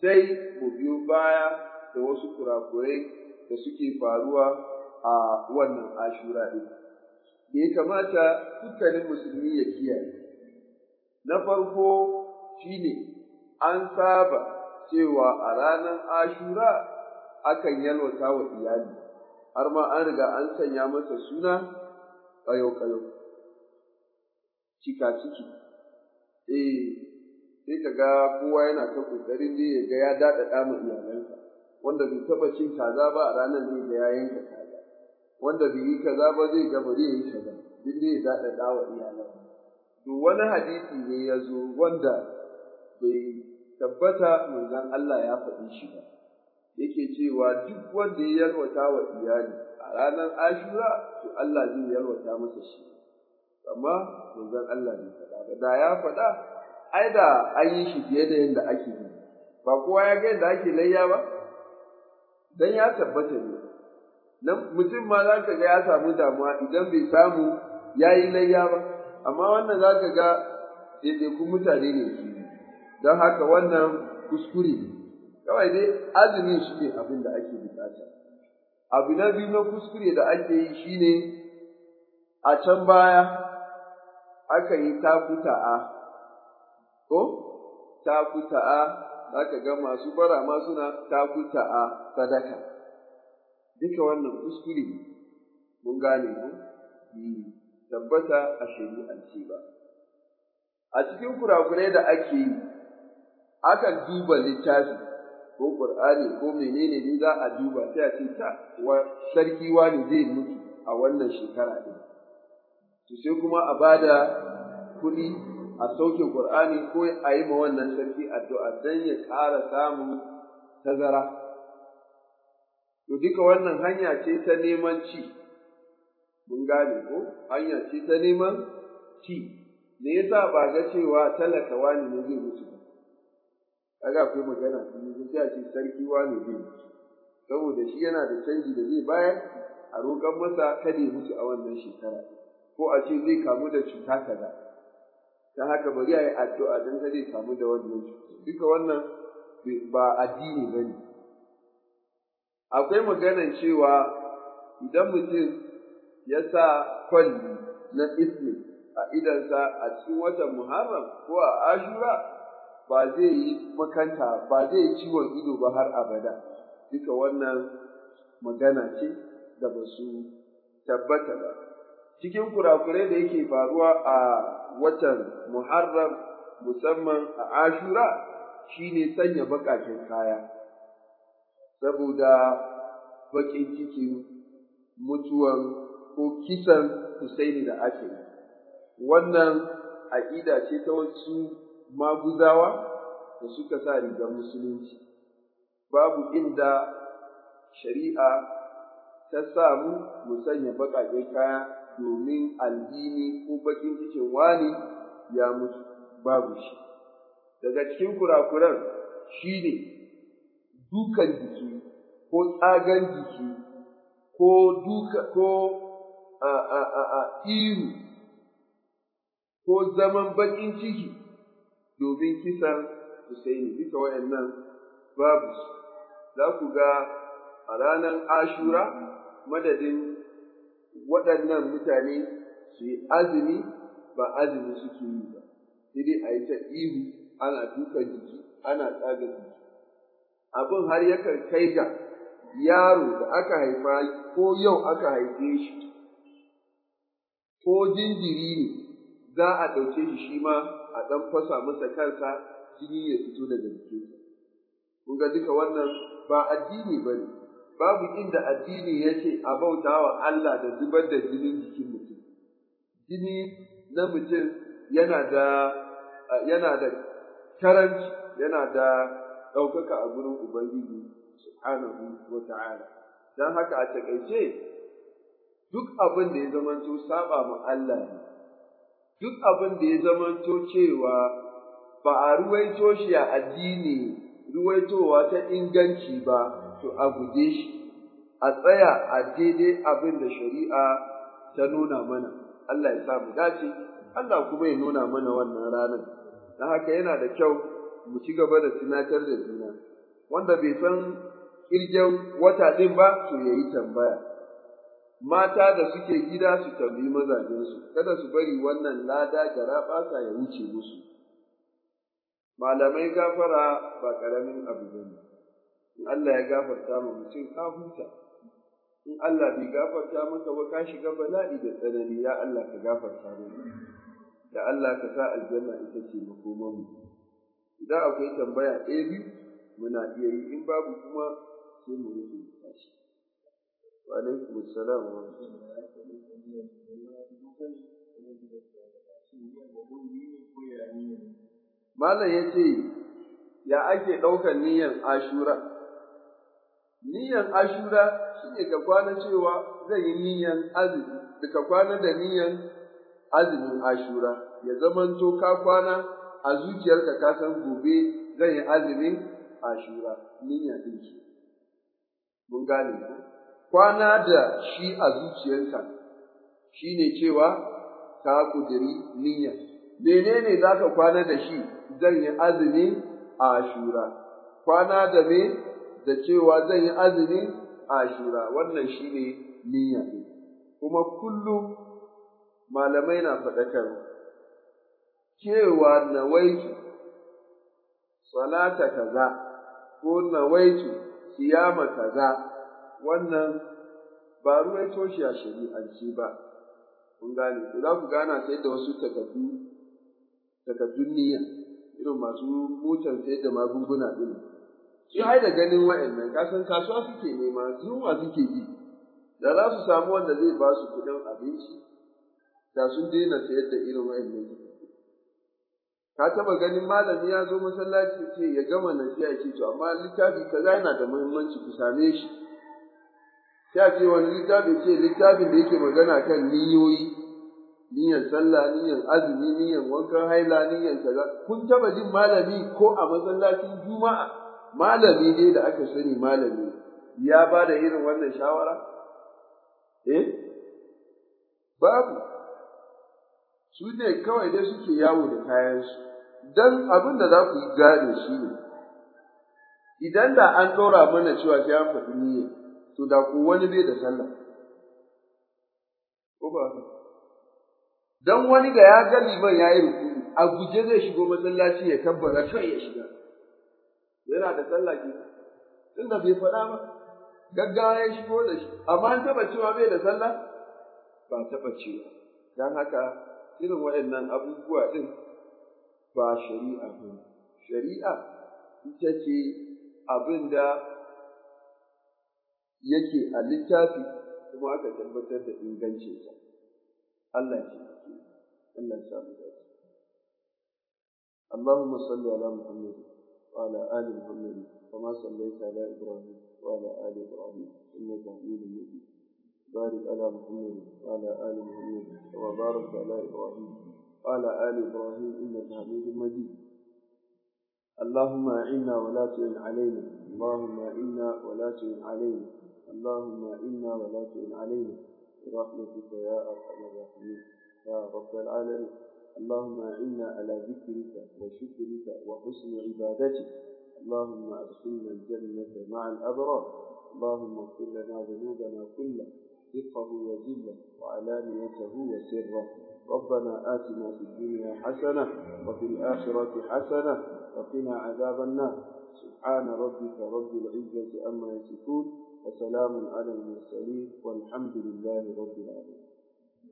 sai mu biyo baya da wasu kurakurai da suke faruwa a wannan ashura ɗin. me ya kamata dukkanin musulmi ya kiyaye. Na farko shi ne an saba cewa a ranar ashura akan yalwata wa iyali, har ma an riga an sanya masa suna ƙayo-ƙayo, cika ciki. Eh, sai ka ga kowa yana ta ƙoƙarin ne ya ga ya daɗaɗa ma iyalansa wanda bai taɓa cin kaza ba a ranar ne ga ya yanka kaza wanda bai yi kaza ba zai ga ba zai yi kaza duk ne ya daɗaɗa wa iyalansa to wani hadisi ne ya zo wanda bai tabbata manzon Allah ya faɗi shi ba yake cewa duk wanda ya yalwata wa iyali a ranar ashura to Allah zai yalwata masa shi amma manzon Allah bai faɗa ba da ya faɗa ai da an yi shi fiye da yadda ake yi ba kowa ya ga yadda ake layya ba dan ya tabbata ne mutum ma za ka ga ya samu damuwa idan bai samu ya yi layya ba amma wannan za ka ga ɗaiɗaikun mutane ne su don haka wannan kuskure ne kawai dai azumi shi ne abin da ake bukata abu na biyu na kuskure da ake yi shi ne a can baya aka yi takuta'a ko takuta'a za ka ga masu bara ma suna takuta'a sadaka duka wannan kuskure mun gane ku hmm, tabbata a shari'ance ba a cikin kurakurai da ake yi akan duba littafi ko ƙur'ani ko menene ne za a duba sai a ce ta sarki wani zai mutu a wannan shekara ɗin to sai kuma a bada kuɗi a sauke ƙur'ani ko a yi ma wannan sarki addu'a don ya ƙara samun tazara. To duka wannan hanya ce ta neman ci, mun gane ko hanya ce ta neman ci, me yasa ba ga cewa talaka wani ne zai mutu ba. Kaga akwai magana sun yi a ce sarki wani zai mutu, saboda shi yana da canji da zai bayar a roƙon masa kada ya mutu a wannan shekara, ko a ce zai kamu da cuta kaza. ta haka bari a yi addu'a don zai samu da wannan duka wannan ba addini ba ne akwai maganan cewa idan mutum ya sa kwalli na ismi a idansa a cikin watan muharram ko a ashura ba zai yi makanta ba zai yi ciwon ido ba har abada duka wannan magana ce da ba su tabbata ba cikin kurakurai da yake faruwa a watan Muharram musamman a Ashura shine sanya baƙaƙen kaya saboda baƙin cikin mutuwan ko kisan Husaini da ake Wannan aƙida ce ta wasu maguzawa da suka sa rigar musulunci. Babu inda shari'a ta samu mu sanya baƙaƙen kaya domin alhini ko bakin cikin wani ya mutu babu shi. Daga cikin kurakuran shi ne dukan jiki ko tsagan jiki ko duka ko a a a a iru ko zaman bakin ciki domin kisan Husaini duka waɗannan babu su. Za ku ga a ranar Ashura madadin waɗannan mutane su yi azumi ba azumi suke yi ba, sai dai a yi ta ihu ana dukan jiki ana tsaga jiki. Abin har yakan kai ga yaro da aka haifa ko yau aka haife shi, ko jinjiri ne za a ɗauke shi shi ma a ɗan fasa masa kansa jini ya fito daga jikinsa. Kun ga duka wannan ba addini ba ne. babu inda addini ya ce a bauta wa Allah da zubar da jinin jikin mutum. Jini na mutum yana da yana da karanci yana da ɗaukaka a gurin Ubangiji subhanahu wa ta'ala. Don haka a taƙaice duk abin da ya zamanto saba ma Allah ne, duk abin da ya zamanto cewa ba a ruwaito shi a addini ruwaitowa ta inganci ba. to a guje shi a tsaya a daidai abin da shari'a ta nuna mana Allah ya sa mu dace Allah kuma ya nuna mana wannan ranar na haka yana da kyau mu ci gaba da tunatar da juna wanda bai san kirgen wata ɗin ba to ya yi tambaya mata da suke gida su tambayi mazajensu kada su bari wannan lada gara ya wuce musu malamai gafara ba ƙaramin abu ne in Allah ya gafarta ma mutum ka huta in Allah bai gafarta maka ba ka shiga bala'i da tsanani ya Allah ka gafarta mu da Allah ka sa aljanna ita ce makoman mu idan akwai tambaya ɗaya biyu muna iya yi in babu kuma sai mu rufe tashi wa alaikum assalam wa Malam ya ce, Ya ake ɗaukar niyyar ashura, Niyan ashura shi ne ka kwana cewa zai yi niyan azumi, da ka kwana da niyan azumin ashura, ya zamanto ka kwana a zuciyarka ka san gobe zai yi azumin ashura, niyan ɗin shi. Mun gane ku. Kwana da shi a zuciyarka shi ne cewa ka kudiri niyya. Menene za ka kwana da shi zan yi azumin ashura? Kwana da me? da cewa zan yi azumin ashura wannan shi ne niyya kuma kullum malamai na faɗakar cewa nawaitu salata kaza ko nawaitu siyama kaza wannan ba ruwaito shi a shari'ance ba kun gane ku za ku gana sai da wasu takaddu takaddun niyya irin masu motar sai da magunguna ɗin su ai da ganin wa'annan kasan kasuwa suke nema zuwa suke yi da za su samu wanda zai ba su kuɗin abinci da sun daina sayar da irin wa'annan ka taba ganin malami ya zo masallaci ce ya gama nasiha ke to amma littafi kaza yana da muhimmanci ku same shi sai ce wani littafi ce littafin da yake magana kan niyoyi niyan sallah niyan azumi niyan wankan haila niyan kaza kun taba jin malami ko a masallacin juma'a malami ne da aka sani malami ya ba da irin wannan shawara? Eh? Babu, su ne kawai dai suke yawo da kayansu, don abin da za ku yi gane shi ne, idan da an ɗora mana cewa sai an faɗi niyya, to da ku wani bai da sallah. Ko ba Don wani ga ya gani man ya yi rukuni, a guje zai shigo masallaci ya tabbata kai ya shiga. yana da sallah ke tunda bai faɗa ba gaggawa ya shigo da shi amma an taɓa cewa bai da sallah ba taɓa cewa don haka irin waɗannan abubuwa ɗin ba shari'a ba shari'a ita ce abin da yake a littafi kuma aka tabbatar da ingancinsa Allah ce Allah ya samu dace اللهم صل على محمد وعلى آل محمد كما صليت على إبراهيم وعلى آل إبراهيم إنك حميد مجيد بارك على محمد وعلى آل محمد كما باركت على إبراهيم وعلى آل إبراهيم إنك حميد مجيد اللهم إنا ولا تعن علينا اللهم إنا ولا تعن علينا اللهم إنا ولا تعن علينا برحمتك يا أرحم الراحمين يا رب العالمين اللهم أعنا على ذكرك وشكرك وحسن عبادتك اللهم أدخلنا الجنة مع الأبرار اللهم اغفر لنا ذنوبنا كلها دقه وجله وعلانيته وسره ربنا آتنا في الدنيا حسنة وفي الآخرة حسنة وقنا عذاب النار سبحان ربك رب العزة أما يصفون وسلام على المرسلين والحمد لله رب العالمين